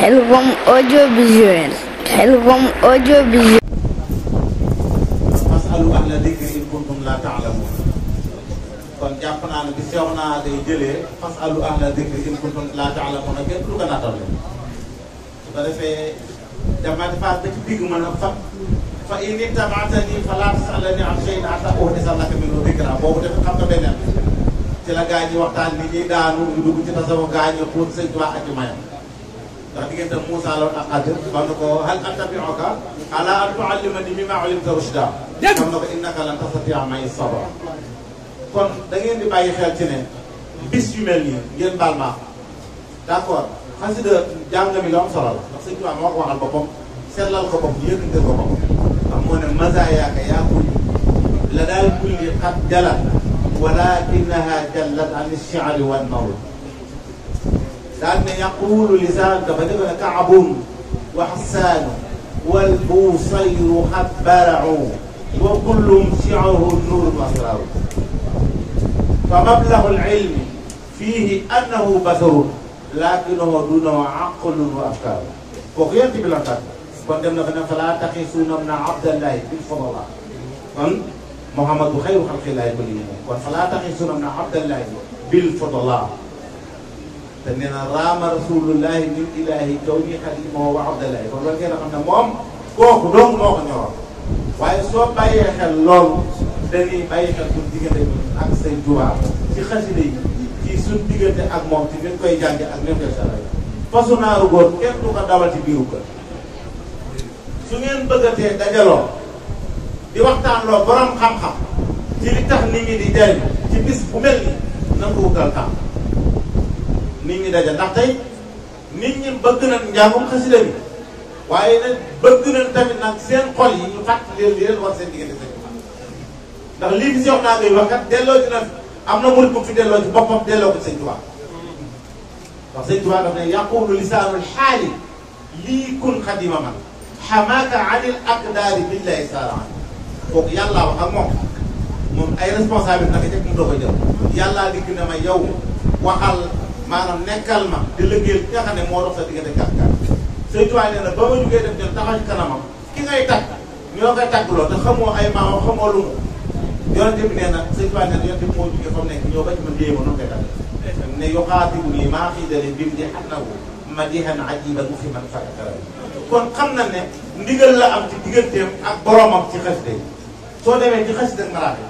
Relevão audiovisuel. ahla dikri in kuntum laa ta'lamuun kon jàpp naa fas'alu ahla dikri in kuntum laa ta'lamuun ak yëpp lu ko naatale su a fa fa in ittabaatanii falaa tas'alnii an shay'in hattaa uhdisa laka minhu boobu dafa xam nga beneen la gaañ waxtaan li daanu ñu dugg ci tasawuf gaañ yi xóot sëñ Tuubaa ak ci ndax diggante Moussa la woon ak Xadir wax na ko hal attabi'uka ala an tu'allimani mimma 'ullimta rushda wax na ko innaka lan tastati'a ma'iya sabra kon da ngeen di bàyyi xel ci ne bis yu mel nii ngeen baal ma d'accord xasida jàng mi lu am solo la ndax sëñ Tuubaa moo ko waxal boppam sellal ko boppam yëkkante ko boppam ndax moo ne mazaayaaka yaa kulli la daal kulli qad jalat walakinaha jallat an ash-shi'ri wan nawl لأن يقول لسانك كفتبنا كعب وحسان والبوصير خبرع وكل شعره النور مصرع فمبلغ العلم فيه أنه بشر لكنه دونه عقل وأفكار وقيمت بالأفكار كنت من فلا تقيسون من عبد الله الله محمد خير خلق الله كلهم فلا تقيسون من عبد الله الله te nee na raama rasulullahi min ilahi kaw ñi xadimo wa abdallahi kon loolu ngeen xam ne moom kooku dong moo ko ñoroon waaye soo bàyyee xel loolu dañuy bàyyi xel suñ diggante ak say tubaab ci xasida yi ci suñ diggante ak moom ci ni koy jànge ak ni koy saray fasu naaru góor kenn du ko dawal ci biiru kër su ngeen bëggatee dajaloo di waxtaanloo borom xam-xam ci li tax nit ñi di jariñ ci bis bu mel ni nangu wutal tàmm nit ñi daja ndax tey nit ñi bëgg nañ njàngum xasida bi waaye nag bëgg nañ tamit nag seen xol yi ñu fàttali leen li leen war seen diggante seen ndax lii fi si wax naa ngay wax kat delloo ci nag am na murid bu fi delloo ci boppam delloo ko ci sëñ Tuubaa ndax sëñ Tuubaa daf ne yaqulu lisaanul xaali lii kun xadima man xamaaka anil aqdaari billahi saara kooku yàllaa wax ak moom moom ay responsable naka njëkk mu doo ko jël yàllaa dikk na ma yow waxal maanaam nekkal ma di liggéeyal ki xam ne moo dox sa diggante gàllankoor Sëriñ Tuubaa ki ngay tàgg ñoo koy tàggloo te xamoo ay maamam xamoo lu mu yonente bi nee na Sëriñ Tuubaa moo nekk ñoo ba ci ma noonu ne yuxaatibuni maa xiidali bi mu di annahu madihan ajiban mu fi man fakkara kon xam na ne ndigal la am ci digganteem ak boromam ci xasida yi soo demee ci xasida maraate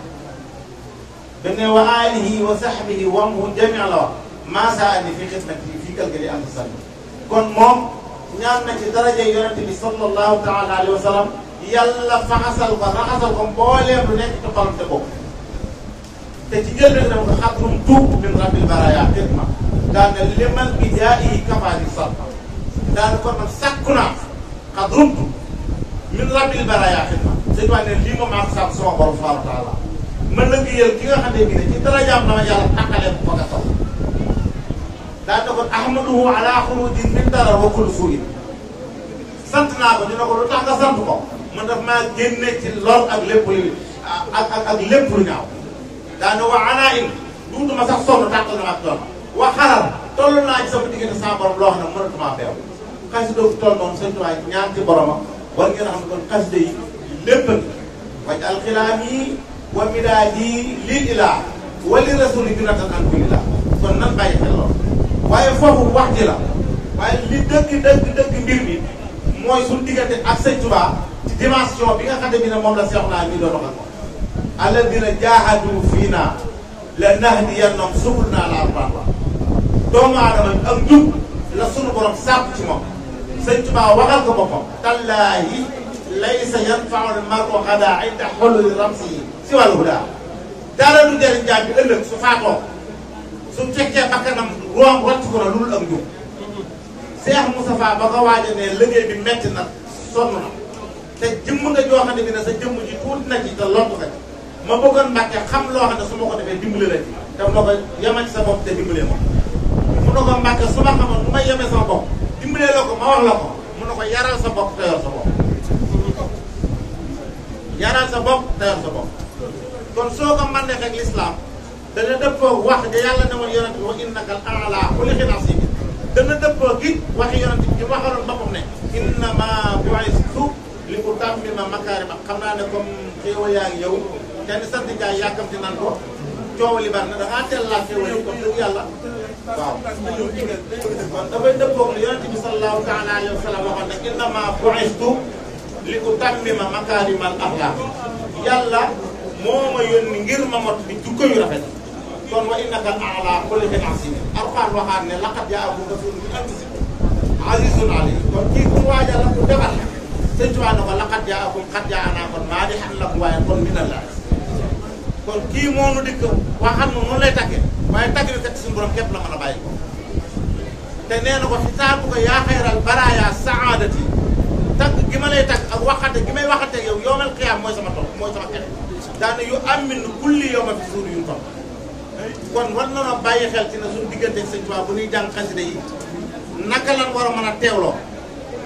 dañ ne wa aalihi wa sahbihi wa mu jami la wax maasaa andi fii xidmati fii galgali am sallam kon moom ñaan na ci daraja yonente bi sallallahu taala alayhi wa sallam yàlla faxasal ko raxasal ko mbooleem lu nekk te xolam te bokk te ci jël na ko xatrum tuub min rabbil baraya xidma daan na limal bi jaayi kafaani sal daan kon man sàkku naa xatrum tuub min rabbil baraya xidma sëñ waa ne lii moom ak sam sama borom subhanahu wa taala mën na ngi yël ki nga xam ne bi ne ci darajaam dama yàlla tàqalee ko ko nga taw دان نكون احمده على خروج من دار وكل سوء سنت ناكو دي نكو لوتاخ سنت كو من داف ما генي تي لول اك ليپ لي اك اك اك ليپ نياو دان نو علائم دودو ما صاح صوم تاكو نو اكتو وخرب تول نا جي سام ديغي سام بروم لو خنا مرت ما بيو خاص دو تول ومدادي للاله وللرسول بنت الحمد لله فنن باي خلو waaye foofu wax ji la waaye li dëgg dëgg dëgg mbir mi mooy suñu diggante ak sëñ Tuubaa ci dimension bi nga xam ne bi ne moom la seex naa mi doon wax ko alladina jaahadu fiina lanahdiyannahum subulanaa al-arbaab doomu aadama ak njub la sunu borom sàpp ci moom sëñ Tuubaa waxal ko boppam tallaahi laysa yanfau al-mar'u ghadan inda hululi ramsihi siwal hudaa dara du jëriñ jaam bi ëllëg su faatoo su fekkee bakkanam room wattu ko la lul ak njub Seex Moustapha ba ko waaja ne liggéey bi metti na sonn na te jëmm nga joo bi ne sa jëmm ji tuuti na ci te lott ka ci ma bëggoon Mbàkke xam ko defee dimbale te ma ko yemal ci sa bopp te dimbale ma mun na ko Mbàkke su ma xamoon bu may yemee sama bopp dimbale la ko ma wax la ko mun na ko yaral sa bopp te sa bopp yaral sa bopp te sa bopp kon soo ko mën a lislaam dana dëppoo wax nga yàlla ne woon yonent bi wa innaka al a'la xuliqin asiim dana dëppoo gi waxi yonent bi ñu waxaloon boppam ne innama bu'istu li utammima makaarima xam naa ne comme xéewal yaa ngi yow kenn sant jaay yàkkamti nan ko coow li bari na dafa teel laa xéewal yi comme yàlla waaw kon dafay dëppoo li yonent bi sallallahu taala alayhi wa sallam waxoon ne innama bu'istu li utammima makaarimal axlaaq yàlla moo ma yónni ngir ma mot bi jukko yu rafet قل وانك على كل من عزيز ارفع الوهان لقد جاء ابو رسول من انفسكم عزيز عليه قل كي كن واجا لك دبل سنجوا انه لقد جاء ابو قد جاءنا قل ما دي حل لك واي قل من الله قل كي مو ديك وهان مو لا تاك واي تاك ريك سن بروم كيب لا مانا باي تنين كو حسابك يا خير البرايا سعادتي تاك كيمالاي تاك او وقت كيماي وقت يوم القيامه موي سما توك موي دان يؤمن كل يوم في سور ينطق kon war na ma bàyyi xel ci na suñu diggante sëñ Tuubaa bu ñuy jàng xasida yi naka lan war a mën a teewloo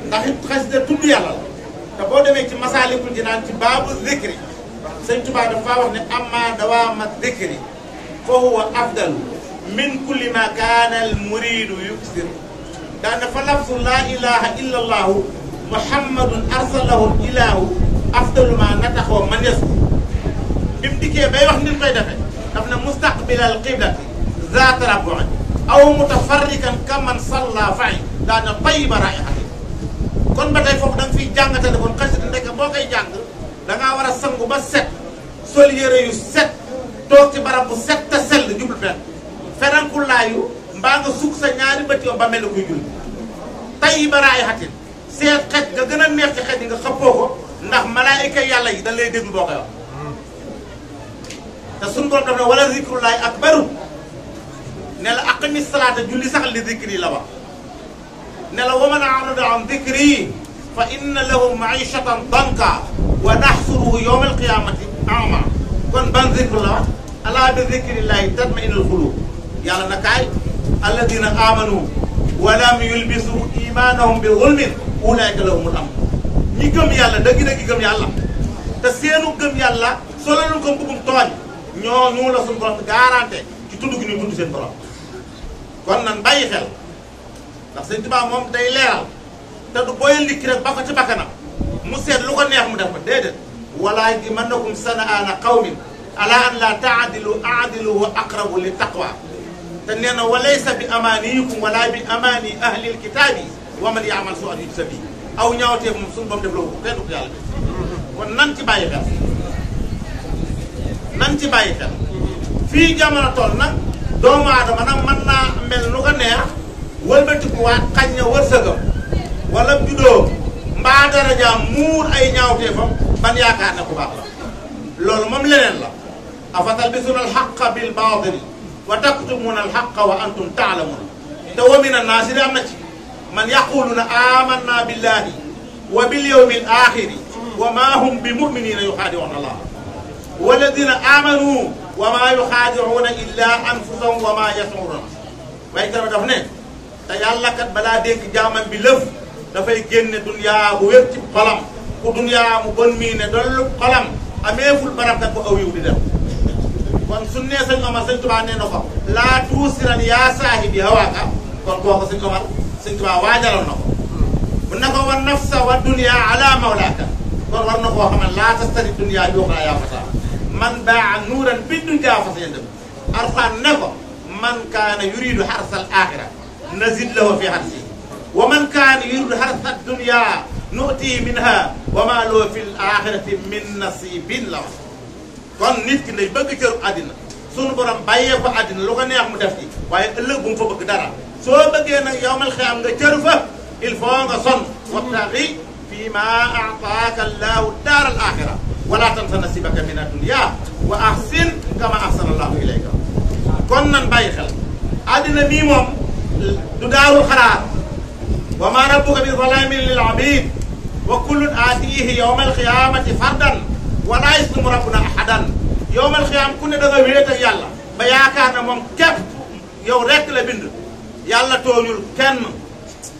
ndax it xasida tudd yàlla la te boo demee ci masaalikul jinaan ci baabu zikri sëñ Tuubaa dafa wax ne amma ma zikri fa huwa afdal min kulli ma kaana al muridu yuksir daana fa lafsu laa ilaha illa allah muhammadun arsalahu ilahu afdalu ma nataxoo man yasku bi mu dikkee bay wax nit koy defee كمن مستقبل القبلة ذات ربع أو متفرقا كمن صلى فعي لأن طيب رائحة كن بدأي فوق دان في جانة تلقون قشر لك بوكي جانة لنا ورا السنق بس ست سولي يريو ست توتي برابو ست تسل جبل بان فران كل لايو مبانو سوكسا ناري بتيو بامل كيجول طيب رائحة سيد قد جغنا نيخي خد نخبوه نخ ملائكة يالي دان لي دين بوكي تسون بول كرنا ولا ذكر الله أكبر نلا أقم الصلاة جلي سخ لذكري لبا نلا ومن أعرض عن ذكري فإن له معيشة ضنكا ونحصره يوم القيامة أعمى كن بن ذكر الله ألا بذكر الله تطمئن القلوب يلا نكاي الذين آمنوا ولم يلبسوا إيمانهم بظلم أولئك لهم الأمن نيكم يالا دغي دغي يالا تسينو يالا سولانو كوم كوم توالي ñoo ñu la suñu borom garanté ci tudd gi ñu tudd seen borom kon nan bàyyi xel ndax sëñ Tuubaa moom day leeral te du booyal nit ki rek ba ko ci bakkanam mu seet lu ko neex mu def ko déedéet wala yajrimannakum shana'aanu qawmin alaa an laa ta'dilu i'dilu huwa aqrabu lit taqwa te nee na walaysa bi amaaniyikum wala bi amaani ahlil kitaabi wa man ya'mal suu'an yujza bihi aw ñaawteef moom suñu borom def loo ko kenn du ko yàlla def kon nan ci bàyyi xel nañ ci bàyyi xel fii jamono toll nag doomu aadama nag mën naa mel lu ko neex wëlbatikuwaat xañ na wërsëgam wala juddoo mbaa darajaam muur ay ñaawteefam ban yaakaar ne ku baax la loolu moom leneen la afatalbisuna alxaqa bil baatili wa taktumuna alxaqa wa antum taalamun te wa min annaasi di am na ci man yaquluna amanna billahi wa bil yawmi al axiri wa ma hum bi muminina yuxaadiuna allah والذين آمنوا وما يخادعون إلا أنفسهم وما يشعرون باي كرام دافنا تا يالا كات بلا دينك جامل بي لف دا فاي ген دنيا بو ويب تي بلام كو دنيا مو بن مين دول بلام اميفول برام كات بو اويو دي دا كون سن ني سن عمر سن توبان ني نكو لا توسرن يا صاحبي هواك كون كو سن كمال سن توبان واجالو نكو من نكو ون نفس والدنيا على مولاك كون ور نكو خمال لا تستري الدنيا يوخا يا فتاه من باع نورا بدون جافة يندم أرسل نفر من كان يريد حرث الآخرة نزد له في حرثه ومن كان يريد حرث الدنيا نؤتي منها وما له في الآخرة من نصيب له كون نيتك لي بغي تيرو ادنا سون بروم بايي كو ادنا لوكو نيه مو دافتي واي الله بوم فو بغ دارا سو بغي نا يوم الخيام غا تيرو فا غا سون وتاغي فيما اعطاك الله الدار الاخره ولا تنس نصيبك من الدنيا واحسن كما احسن الله اليك كن نان باي خل ادنا مي موم دو دارو خراب وما ربك بظلام للعبيد وكل اتيه يوم القيامه فردا ولا يظلم ربنا احدا يوم القيامة كنا دغا ويت ak yalla ba yakarna mom kep yow rek la bind yalla toñul kenn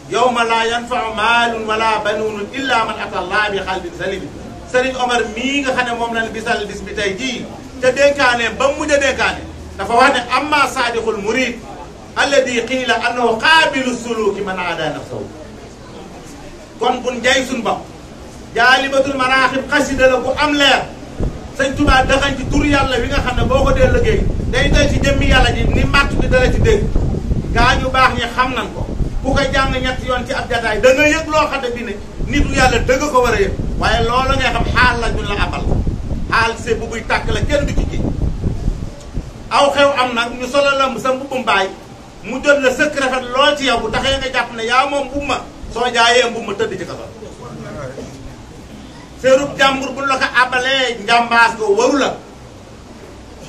يوم لا ينفع مال ولا بنون الا من اتى الله بقلب سليم Serigne Omar mii nga xam ne moom lañ bisal bis bi tey jii te dénkaane ba mujj a dénkaane dafa wax ne amma saadiqul murid alladi qiila annahu qaabilu suluki man aada nafsahu kon bun jay suñ bopp jaalibatul maraaxib xasida la bu am leer sëñ Tuubaa daxañ ci tur yàlla wi nga xam ne boo ko dee liggéey day dal ci jëmmi yàlla ji ni màtt bi dala ci dégg gaa ñu baax ñi xam nan ko ku ko jàng ñett yoon ci ab jataay da nga yëg loo xam ne bi ne nitu yàlla dëgg ko war a yëg waaye loolu ngay xam xaal la ñu la abal xaal see bu buy tàkk la kenn du ci aw xew am nag ñu solo la sa mbubb mbaay mu jot la sëkk rafet lool ci yow bu taxee nga jàpp ne yaa moom mbubb ma soo jaayee mbubb ma tëdd ci kaso seerub jàmbur bu la ko abalee njàmbaas ko waru la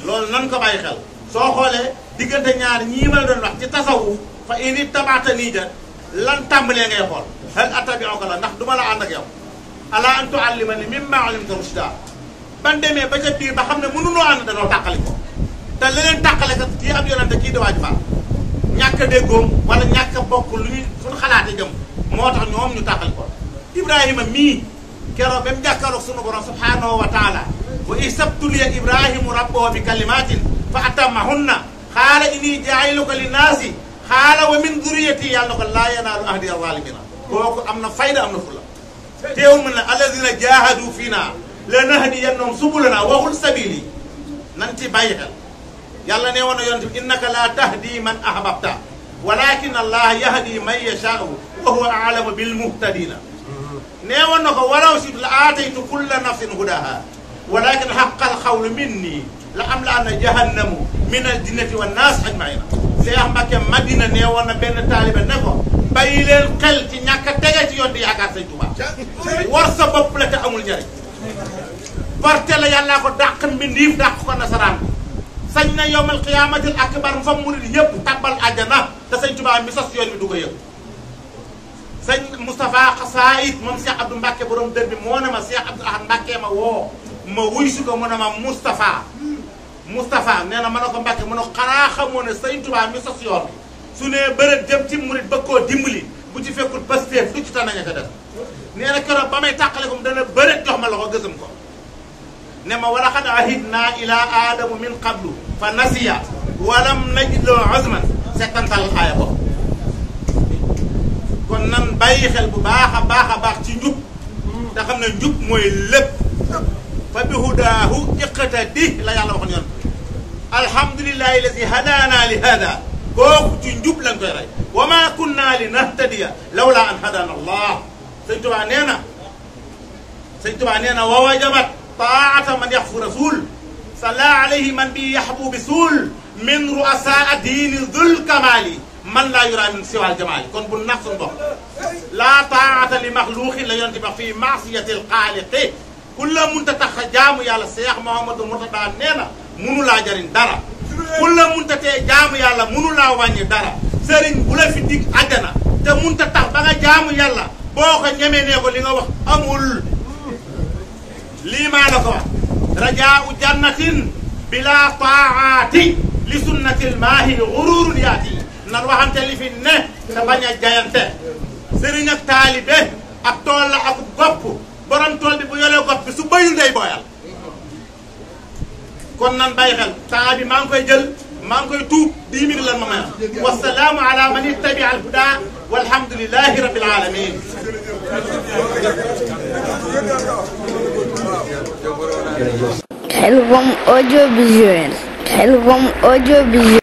loolu nan ko bàyyi xel soo xoolee diggante ñaar ñii ma la doon wax ci tasawuf fa ini tabaata nii ja lan tàmbalee ngay xool هل اتبعك لا نخ دوما لا عندك يا الا ان تعلمني مما علمت رشدا بان ديمي في جتي با خامني منو نو اند دا تاخاليكو تا لين تاخاليك تي اب يونت كي دو واجبا نياك ديغوم ولا نياك بوك لو ني سون خلاتي ديم موتاخ نيوم ني تاخاليكو ابراهيم مي كيرو بيم جاكارو سونو بورو سبحانه وتعالى وإسبت لي إبراهيم ربه بكلمات فأتمهن قال إني جاعلك للناس قال ومن ذريتي يا الله لا ينال أهدي الظالمين كوكو امنا فايدة امنا فلا تيوم من الذين جاهدوا فينا لنهدي ينهم سبلنا وهو السبيلي ننتي بايها يالا نيوانا ينتم إنك لا تهدي من أحببت ولكن الله يهدي من يشاء وهو أعلم بالمهتدين نيوانا ولو سيد لآتيت كل نفس هداها ولكن حق الخول مني لأملا أن جهنم من الجنة والناس أجمعين سيحبك مدينة نيوانا بين طالب النفو بايل القلتين yaakaar sëñ Touba war sa bopp la te amul njariñ parte la yàllaa ko dàq mbindiif dàq ko nasaraan sañ na yowmal xiyaamatil akbar fa murid yëpp tabbal àjjana te sëñ Touba mi sos yoon bi du ko yëpp sëñ Moustapha Xasaayit moom Cheikh Abdou Mbacke borom dër bi moo ne ma Cheikh Abdou Ahad Mbacke ma woo ma wuy si ko mu ne ma Moustapha Moustapha nee na ma ne ko Mbacke mu ne xanaa xamoo ne sëñ Touba mi sos yoon bi su ne bërëb jëm ci murid bëgg koo dimbali ku ci fekkul Pastef du ci tànn ña ca def nee na keroog ba may tàqale ko mu dana bëre jox ma loxo gësam ko ne ma wala xad ahidna ila aadamu min qablu fa nasiya walam najid loo azman settantal aaya ko kon nan bàyyi xel bu baax a baax a baax ci njub te xam ne njub mooy lépp fa bi hudaahu iqata di la yàlla waxoon yoon alhamdulilahi lazi hadana li hada kooku ci njub lañ koy rey وما كنا لنهتدي لولا ان هدانا الله سيدتو عنينا سيدتو عنينا ووجبت طاعه من يحفو رسول صلى عليه من بي يحبو بسول من رؤساء دين ذو الكمال من لا يرى من سوى الجمال كن بالنفس بو لا طاعه لمخلوق لا ينتبع في معصيه الخالق كل من تتخجام يا الشيخ محمد مرتضى نينا منو لا جارين دارا كل من تتجام يا الله منو لا واني دارا sëriñ bu la fi dig àjjana te munta tax ba nga jaamu yàlla boo ko ñemee nee ko li nga wax amul lii maa la ko wax rajaau jannatin bila taati li sunnatil maahi gururun yaati nan waxante li fi ne te bañ a jayante sëriñ ak taalibe ak tool la ak gopp borom tool bi bu yolee gopp bi su bayul day booyal kon nan bàyyi xel temps bi maa ngi koy jël مانكو يتوب ديمير لما والسلام على من يتبع الهدى والحمد لله رب العالمين حلوهم اوجو بجوين حلوهم اوجو بجوين